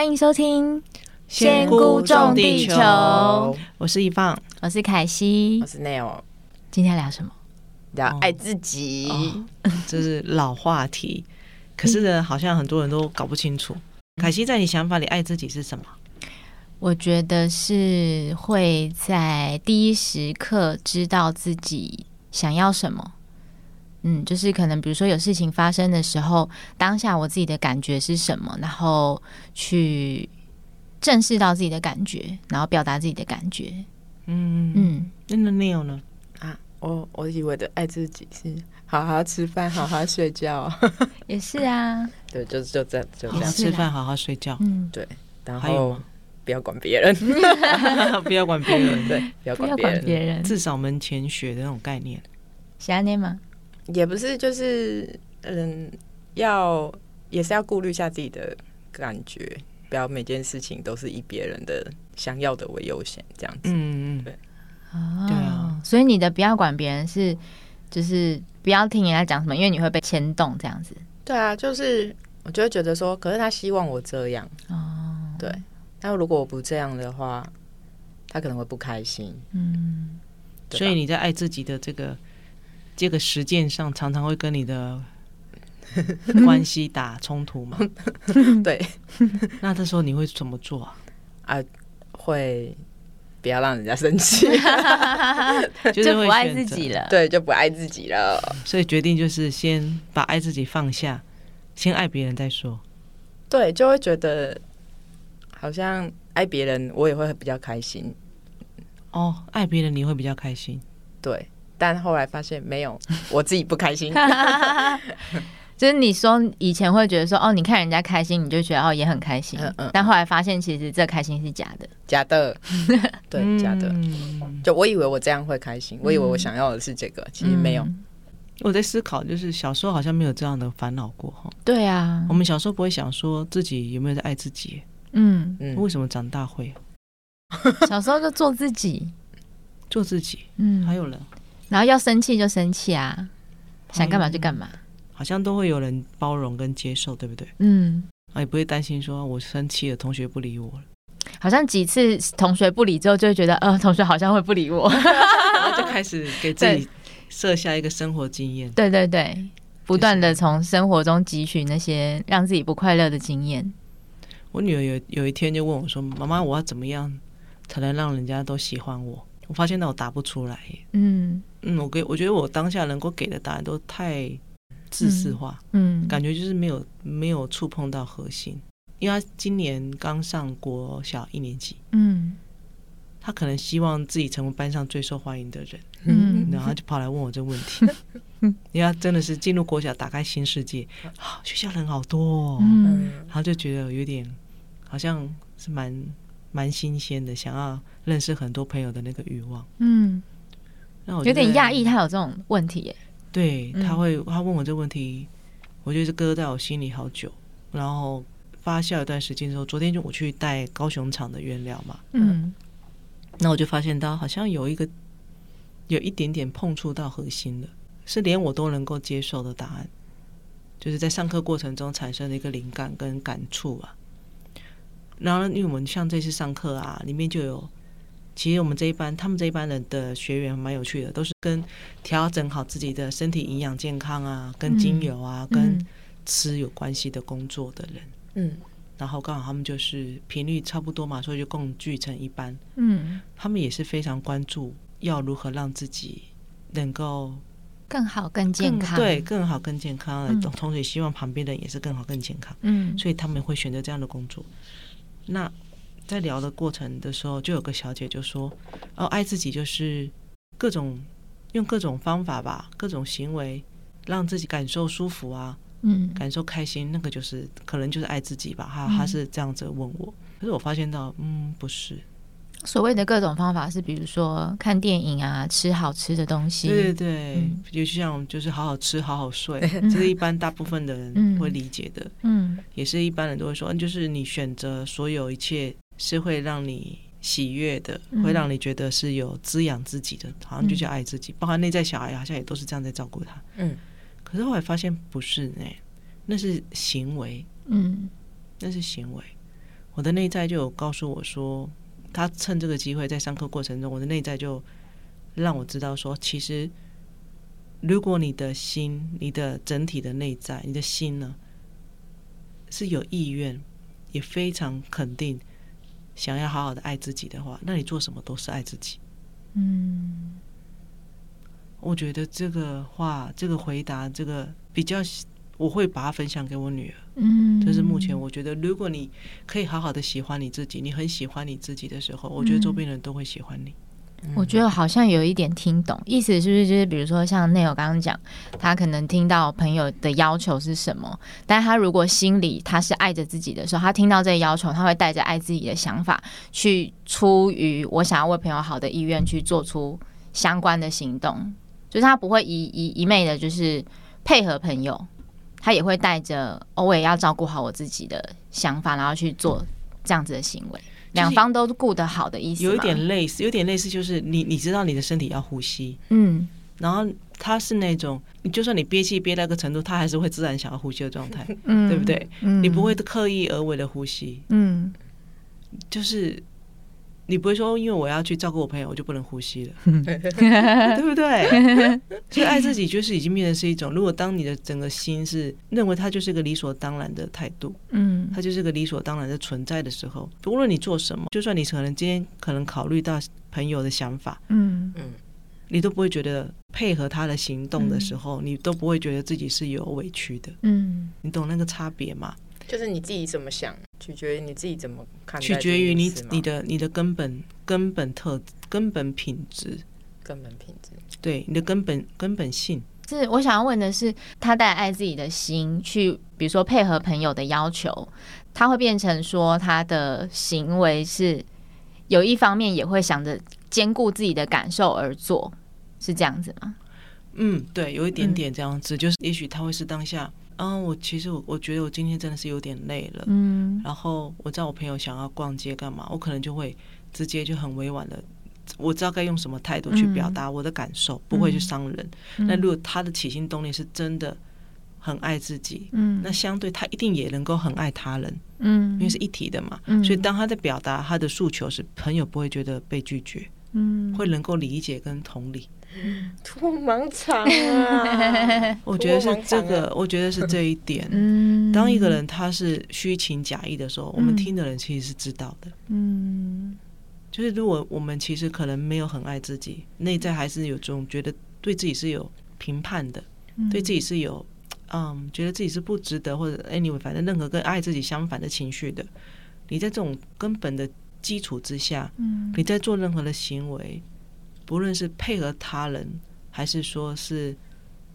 歡迎收聽《仙菇種地球》，我是一放，我是凱西，我是 Neil。今天聊什麼？聊愛自己，這是老話題，可是呢，好像很多人都搞不清楚。嗯，凱西，在你想法裡，愛自己是什麼？我覺得是會在第一時刻知道自己想要什麼。嗯，就是可能比如說有事情發生的時候，當下我自己的感覺是什麼，然後去正視到自己的感覺，然後表達自己的感覺。嗯嗯，嗯那那你有呢？啊，我我以為的愛自己是好好吃飯，好好睡覺， 也是啊。對，就就這樣，就這樣，吃飯，好好睡覺。嗯，對，然後不要管別人， 不要管別人， 人對，不要管別人，人至少門前雪的那種概念，想念嗎？也不是，就是，嗯，要也是要顧慮一下自己的感覺，不要每件事情都是以別人的想要的，為優先這樣子。嗯對，哦、對，所以你的不要管別人是，就是不要聽人家講什麼，因為你會被牽動這樣子。對啊，就是我就會覺得說，可是他希望我這樣，哦，對，那如果我不這樣的話，他可能會不開心。嗯，對吧，所以你在愛自己的這個。這個實踐上常常會跟你的關係打衝突嘛？ 對， 那這時候你會怎麼做啊？啊，會不要讓人家生氣，就不愛自己了，對，就不愛自己了。所以決定就是先把愛自己放下，先愛別人再說。對，就會覺得好像愛別人，我也會比較開心。哦，愛別人你會比較開心，對。但後來發現沒有，我自己不開心。 就是你說以前會覺得說哦，你看人家開心，你就覺得哦，也很開心。嗯嗯。但後來發現其實這開心是假的，假的， 對，嗯嗯。假的。就我以為我這樣會開心，我以為我想要的是這個，嗯、其實沒有。我在思考，就是小時候好像沒有這樣的煩惱過。對啊，我們小時候不會想說自己有沒有在愛自己。嗯嗯。為什麼長大會？小時候就做自己， 做自己。嗯，還有呢。然後要生氣就生氣啊，朋友 想幹嘛就幹嘛，好像都會有人包容跟接受，對不對？嗯，啊，也不會擔心說我生氣了，同學不理我。好像幾次同學不理之後，就會覺得呃，同學好像會不理我， 然後就開始給自己設下一個生活經驗。對，對對對，不斷地從生活中汲取那些讓自己不快樂的經驗。就是、我女兒有有一天就問我說：“媽媽，我要怎麼樣才能讓人家都喜歡我？”我發現那我答不出來。嗯。嗯，我給，我覺得我當下能夠給的答案都太自私化，嗯，嗯，感覺就是沒有沒有觸碰到核心。因為他今年剛上國小一年級，嗯，他可能希望自己成為班上最受歡迎的人，嗯，然後就跑來問我這個問題。嗯，因為他真的是進入國小， 打開新世界，好，啊，學校人好多哦，嗯，然後就覺得有點好像是蠻蠻新鮮的，想要認識很多朋友的那個欲望，嗯。有點訝異，他有這種問題耶。對他會，他問我這問題，我覺得是擱在我心裡好久，然後發酵一段時間之後，昨天就我去帶高雄場的原料嘛，嗯，嗯，那我就發現到好像有一個有一點點碰觸到核心的，是連我都能夠接受的答案，就是在上課過程中產生的一個靈感跟感觸啊。然後因為我們像這次上課啊，裡面就有。其實我們這一班，他們這一班人的學員蠻有趣的，都是跟調整好自己的身體、營養、健康啊，跟精油啊，嗯嗯、跟吃有關係的工作的人。嗯，然後剛好他們就是頻率差不多嘛，所以就共聚成一班。嗯，他們也是非常關注要如何讓自己能夠更，更好、更健康更。對，更好、更健康，嗯、同時也希望旁邊的人也是更好、更健康。嗯，所以他們會選擇這樣的工作。那。在聊的過程的時候，就有個小姐就說：“哦，愛自己就是各種用各種方法吧，各種行為讓自己感受舒服啊，嗯，感受開心，那個就是可能就是愛自己吧。她”她她是這樣子問我，嗯、可是我發現到，嗯，不是所謂的各種方法是，比如說看電影啊，吃好吃的東西，對對對，尤其、嗯、像就是好好吃，好好睡，嗯、這是一般大部分的人會理解的，嗯，也是一般人都會說，嗯，就是你選擇所有一切。是會讓你喜悅的，嗯，會讓你覺得是有滋養自己的，好像就叫愛自己。嗯，包含內在小孩，好像也都是這樣在照顧他。嗯，可是後來發現不是呢、欸，那是行為。嗯，那是行為。我的內在就有告訴我說，他趁這個機會在上課過程中，我的內在就讓我知道說，其實如果你的心，你的整體的內在，你的心呢，是有意願，也非常肯定，想要好好的愛自己的話，那你做什麼都是愛自己。嗯，我覺得這個話，這個回答，這個比較，我會把它分享給我女兒。嗯，就是目前我覺得，如果你可以好好的喜歡你自己，你很喜歡你自己的時候，我覺得周邊人都會喜歡你。嗯我覺得好像有一點聽懂，意思是不是就是，比如說像內有剛剛講，他可能聽到朋友的要求是什麼，但是他如果心裡他是愛着自己的時候，他聽到這個要求，他會帶着愛自己的想法，去出於我想要為朋友好的意願去做出相關的行動，就是他不會一一一昧的，就是配合朋友，他也會帶着哦，我也要照顧好我自己的想法，然後去做這樣子的行為。兩方都顧得好的意思，有一點類似，有點類似，就是你你知道你的身體要呼吸，嗯，然後他是那種就算你憋氣憋到一個程度，他還是會自然想要呼吸的狀態，嗯，對不對？嗯，你不會刻意而為的呼吸，嗯，就是。你不會說，因為我要去照顧我朋友，我就不能呼吸了， 對不對？ 所以愛自己就是已經變成是一種，如果當你的整個心是認為他就是一個理所當然的態度，嗯，他就是一個理所當然的存在的時候，無論你做什麼，就算你可能今天可能考慮到朋友的想法，嗯，你都不會覺得配合他的行動的時候，你都不會覺得自己是有委屈的，嗯，你懂那個差別嗎？就是你自己怎麼想。取決於你自己怎麼看。取決於你你的你的根本根本特根本品質，根本品質。品質。對，你的根本根本性。就是我想要問的是，他帶愛自己的心去，比如說配合朋友的要求，他會變成說他的行為是有一方面也會想着兼顧自己的感受而做，是這樣子嗎？嗯，對，有一點點這樣子，嗯、就是也許他會是當下。嗯、哦，我其實我我覺得我今天真的是有點累了。嗯，然後我知道我朋友想要逛街幹嘛，我可能就會直接就很委婉的，我知道該用什麼態度去表達我的感受，嗯、不會去傷人。嗯、那如果他的起心動念是真的很愛自己，嗯，那相對他一定也能夠很愛他人，嗯，因為是一體的嘛。嗯，所以當他在表達他的訴求時，朋友不會覺得被拒絕，嗯，會能夠理解跟同理。托盲場啊！ 我覺得是這個，啊、我覺得是這一點。 嗯、當一個人他是虛情假意的時候，我們聽的人其實是知道的。嗯，就是如果我們其實可能沒有很愛自己，嗯、內在還是有這種覺得對自己是有評判的，嗯、對自己是有嗯，覺得自己是不值得，或者 anyway，反正任何跟愛自己相反的情緒的，你在這種根本的基礎之下，嗯、你在做任何的行為。不論是配合他人，還是說是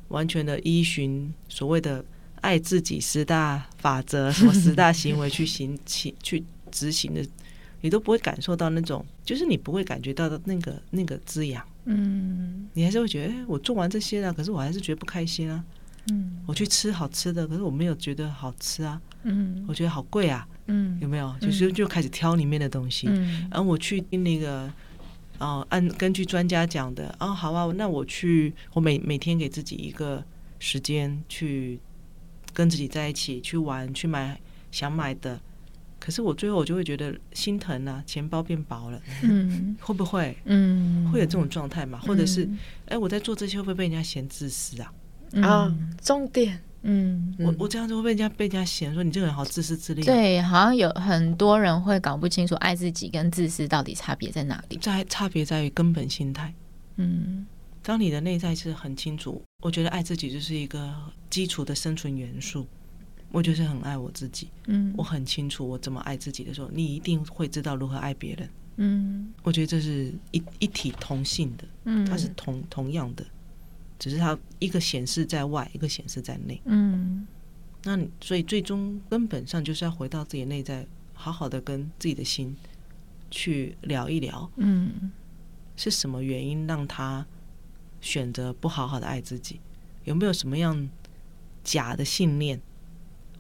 完全的依循所謂的愛自己十大法則什麼十大行為去行 去執行的，你都不會感受到那種，就是你不會感覺到的那個那個滋養。嗯，你還是會覺得，欸、我做完這些了，啊，可是我還是覺得不開心啊。嗯，我去吃好吃的，可是我沒有覺得好吃啊。嗯，我覺得好貴啊。嗯，有沒有？嗯、就是就開始挑裡面的東西。然後、嗯、我去那個。哦，按根據專家講的，哦，好啊，那我去，我每每天給自己一個時間去跟自己在一起，去玩，去買想買的，可是我最後我就會覺得心疼啊，錢包變薄了，嗯，會不會？嗯，會有這種狀態嘛。嗯、或者是，哎、欸，我在做這些會不會被人家嫌自私啊？啊、嗯，哦、重點。嗯，嗯，我我這樣子會被人家被人家嫌說你這個人好自私自利啊。對，好像有很多人會搞不清楚愛自己跟自私到底差別在哪裡。在差別在於根本心態。嗯，當你的內在是很清楚，我覺得愛自己就是一個基礎的生存元素。我就是很愛我自己，嗯，我很清楚我怎麼愛自己的時候，你一定會知道如何愛別人。嗯，我覺得這是一一體同性的，嗯，它是同、嗯、同樣的。只是他一個顯示在外，一個顯示在內。嗯，那你所以最終根本上就是要回到自己內在，好好的跟自己的心去聊一聊。嗯，是什麼原因讓他選擇不好好的愛自己？有沒有什麼樣假的信念，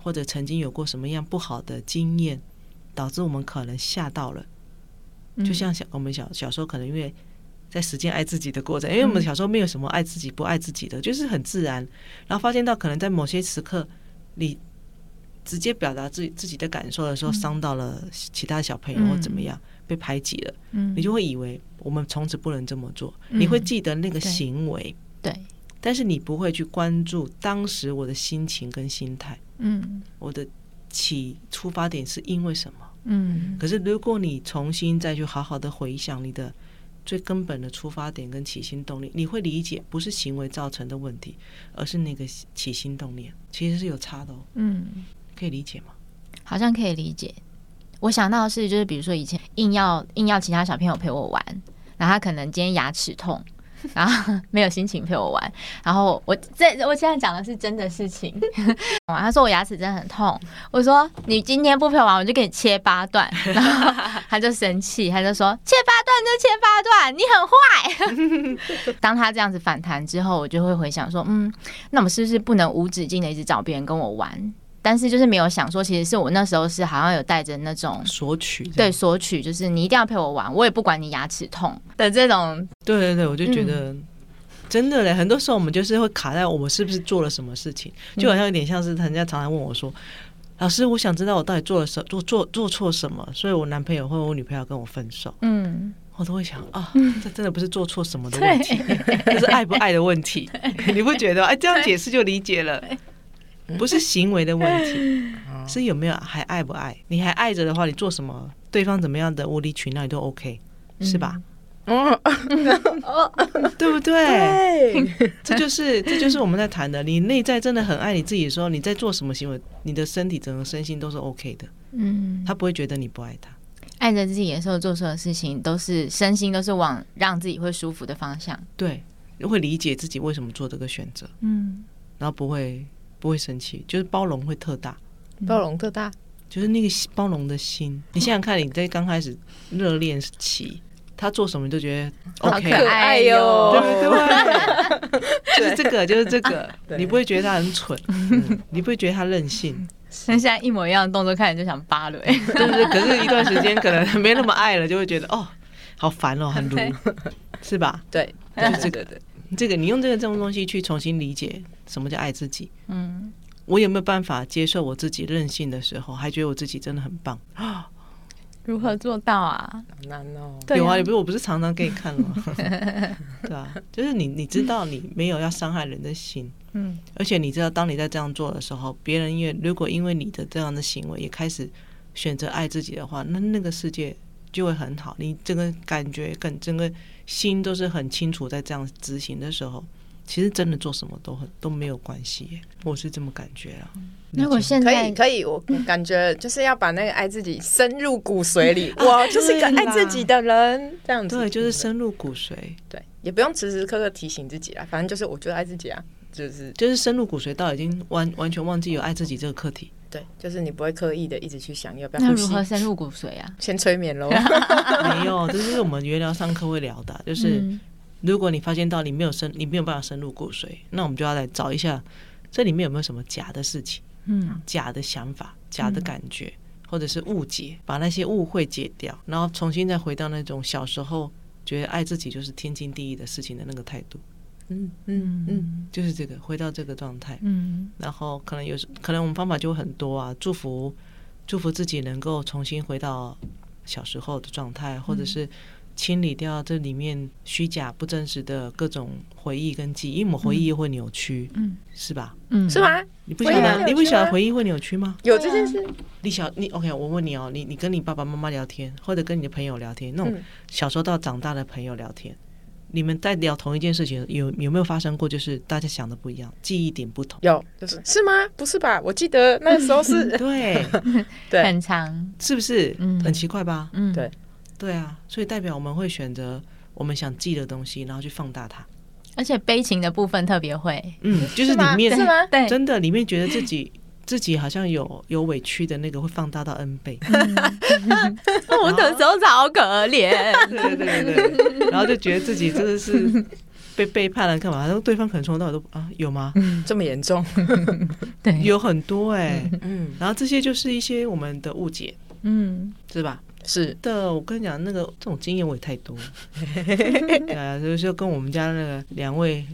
或者曾經有過什麼樣不好的經驗，導致我們可能嚇到了？嗯，就像小我們小小時候，可能因為。在實踐愛自己的過程，因為我們小時候沒有什麼愛自己不愛自己的，嗯、就是很自然。然後發現到可能在某些時刻，你直接表達自己自己的感受的時候，傷到了其他小朋友、嗯、或怎麼樣，被排擠了，嗯、你就會以為我們從此不能這麼做。嗯、你會記得那個行為，對、嗯，但是你不會去關注當時我的心情跟心態，嗯，我的起出發點是因為什麼，嗯。可是如果你重新再去好好的回想你的。最根本的出發點跟起心動念，你會理解不是行為造成的問題，而是那個起心動念其實是有差的哦。嗯，可以理解嗎？好像可以理解。我想到的是，就是比如說以前硬要硬要其他小朋友陪我玩，那他可能今天牙齒痛。然後沒有心情陪我玩，然後我這我現在講的是真的事情。他說我牙齒真的很痛，我說你今天不陪我玩，我就給你切八段。然後他就生氣，他就說切八段就切八段，你很壞。 當他這樣子反彈之後，我就會回想說，嗯，那我們是不是不能無止境的一直找別人跟我玩？但是就是沒有想說，其實是我那時候是好像有帶着那種索取，對，索取，就是你一定要陪我玩，我也不管你牙齒痛的這種。對對對，我就覺得、嗯、真的嘞，很多時候我們就是會卡在我們是不是做了什麼事情，嗯、就好像有點像是人家常常問我說：“老師，我想知道我到底做了什麼做做做錯什麼，所以我男朋友或者我女朋友跟我分手。”嗯，我都會想啊，嗯、這真的不是做錯什麼的問題，對這是愛不愛的問題，對你不覺得？哎，這樣解釋就理解了。 不是行為的問題， 是有沒有還愛不愛，你還愛着的話，你做什麼，對方怎麼樣的無理取鬧，你都 OK，是吧？哦，對不對？ 對，這就是這就是我們在談的。你內在真的很愛你自己的時候，你在做什麼行為，你的身體整個身心都是 OK 的。嗯，他不會覺得你不愛他，愛着自己的時候，做錯的事情都是身心都是往讓自己會舒服的方向，對，會理解自己為什麼做這個選擇。嗯，然後不會。不會生氣，就是包容會特大，包容特大，就是那個包容的心。你想想看，你在剛開始熱戀期，他做什麼你都覺得 OK，哎呦，就是這個，就是這個，你不會覺得他很蠢，你不會覺得他任性。像現在一模一樣的動作，看你就想扒雷，對不對？可是，一段時間可能沒那麼愛了，就會覺得哦，好煩哦，很擼。是吧？對，就是這個對。這個，你用這個這種東西去重新理解什麼叫愛自己。嗯，我有沒有辦法接受我自己任性的時候，還覺得我自己真的很棒？啊，如何做到啊？有啊，也不是，我不是常常給你看嗎？ 對啊，就是你，你知道你沒有要傷害人的心。嗯，而且你知道，當你在這樣做的時候，別人因為如果因為你的這樣的行為也開始選擇愛自己的話，那那個世界。就會很好，你整個感覺跟整個心都是很清楚，在這樣執行的時候，其實真的做什麼都很都沒有關係耶。我是這麼感覺啊。如果現在可以可以，我感覺就是要把那個愛自己深入骨髓裡，嗯、我就是一個愛自己的人，這樣子。對，就是深入骨髓。對，也不用時時刻刻提醒自己了，反正就是我覺得愛自己啊，就是就是深入骨髓到已經完完全忘記有愛自己這個課題。對，就是你不會刻意的一直去想要不要不。那如何深入骨髓啊？先催眠嘍。 沒有，這、就是因為我們源療上課會聊的。就是如果你發現到你沒有深，你沒有辦法深入骨髓，那我們就要來找一下這裡面有沒有什麼假的事情，嗯，假的想法、假的感覺，或者是誤解，把那些誤會解掉，然後重新再回到那種小時候覺得愛自己就是天經地義的事情的那個態度。嗯嗯嗯，嗯，就是這個，回到這個狀態。嗯，然後可能有時，可能我們方法就會很多啊。祝福，祝福自己能夠重新回到小時候的狀態，或者是清理掉這裡面虛假不真實的各種回憶跟記憶，因為、嗯、回憶又會扭曲，嗯，是吧？嗯，是吧？你不曉得？你不曉得回憶會扭曲嗎？有這件事，嗯，你？你小你 OK？我問你哦，你你跟你爸爸媽媽聊天，或者跟你的朋友聊天，那種小時候到長大的朋友聊天。嗯你們在聊同一件事情，有有沒有發生過？就是大家想的不一樣，記憶點不同。有，就是是嗎？不是吧？我記得那時候是。 對，對，很長，是不是？很奇怪吧？嗯，對，對啊，所以代表我們會選擇我們想記的東西，然後去放大它。而且悲情的部分特別會， 嗯，就是裡面是嗎？對，真的裡面覺得自己。自己好像有有委屈的那個會放大到 N 倍。 後我那時候超可憐，對，對對對對。 然後就覺得自己真的是被背叛了幹嘛？然後對方可能從頭到尾都啊有嗎？嗯、這麼嚴重？ 對，有很多哎、欸嗯，嗯，然後這些就是一些我們的誤解，嗯，是吧？是的，我跟你講，那個這種經驗我也太多， 呃，就是跟我們家那個兩位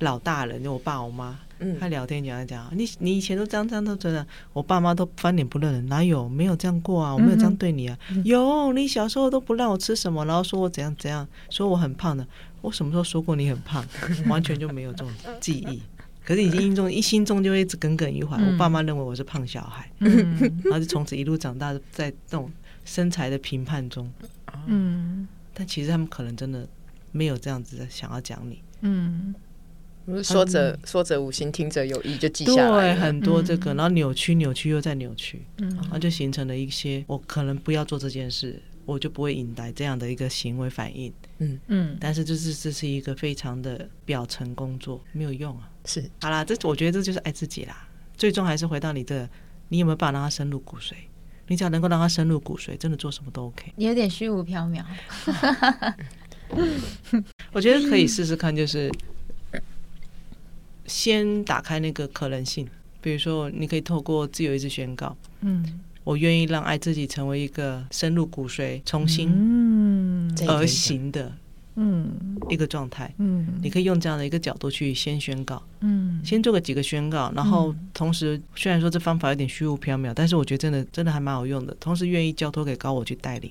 老大人，就我爸我媽。他聊天就愛講你，你以前都常常都覺得我爸媽都翻臉不認人了，哪有沒有這樣過啊？我沒有這樣對你啊！嗯嗯，有，你小時候都不讓我吃什麼，然後說我怎樣怎樣，說我很胖的。我什麼時候說過你很胖？ 完全就沒有這種記憶。可是已經一心中一心中就會一直耿耿於懷。嗯、我爸媽認為我是胖小孩，嗯、然後就從此一路長大在這種身材的評判中。啊、嗯，但其實他們可能真的沒有這樣子的想要講你。嗯。說者說者，無心，聽者有意，就記下來。對，很多這個，然後扭曲扭曲又再扭曲，嗯嗯，然後就形成了一些。我可能不要做這件事，我就不會引來這樣的一個行為反應。嗯嗯。但是這是這是一個非常的表層工作，沒有用啊。是。好啦，這我覺得這就是愛自己啦。最終還是回到你的、這個，你有沒有辦法讓它深入骨髓？你只要能夠讓它深入骨髓，真的做什麼都 OK。你有點虛無縹緲。我覺得可以試試看，就是。先打開那個可能性，比如說，你可以透過自由意志宣告，嗯，我願意讓愛自己成為一個深入骨髓、從心而行的嗯，嗯，一個狀態。嗯，你可以用這樣的一個角度去先宣告，嗯，先做個幾個宣告，然後同時，雖然說這方法有點虛無縹緲，但是我覺得真的真的還蠻好用的。同時，願意交托給高我去帶領。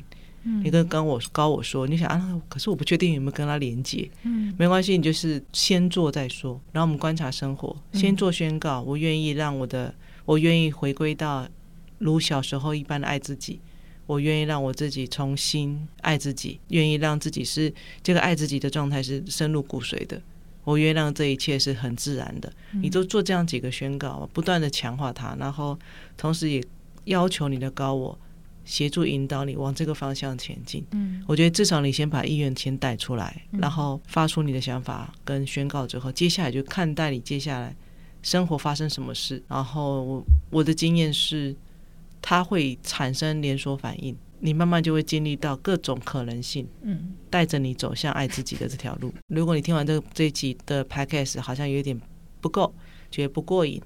你跟跟我高我說，你想啊，可是我不確定有沒有跟他連接。嗯，沒關係，你就是先做再說。然後我們觀察生活，嗯、先做宣告，我願意讓我的，我願意回歸到如小時候一般的愛自己。我願意讓我自己重新愛自己，願意讓自己是這個愛自己的狀態是深入骨髓的。我願意讓這一切是很自然的。嗯、你就做這樣幾個宣告，不斷的強化它，然後同時也要求你的高我，協助引導你往這個方向前進。嗯，我覺得至少你先把意願先帶出來，然後發出你的想法跟宣告之後，接下來就看待你接下來生活發生什麼事。然後我我的經驗是，它會產生連鎖反應，你慢慢就會經歷到各種可能性。嗯，帶着你走向愛自己的這條路。如果你聽完這個這一集的 podcast 好像有點不夠，覺得不過癮。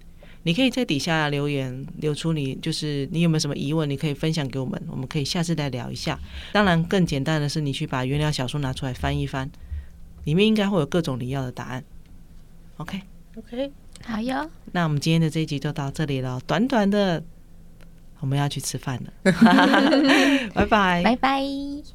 你可以在底下留言，留出你就是你有沒有什麼疑問，你可以分享給我們，我們可以下次再聊一下。當然，更簡單的是你去把《源療小書》拿出來翻一翻，裡面應該會有各種你要的答案。OK，OK，、okay? Okay. 好喲。那我們今天的這一集就到這裡了，短短的，我們要去吃飯了，拜 拜 bye，拜拜。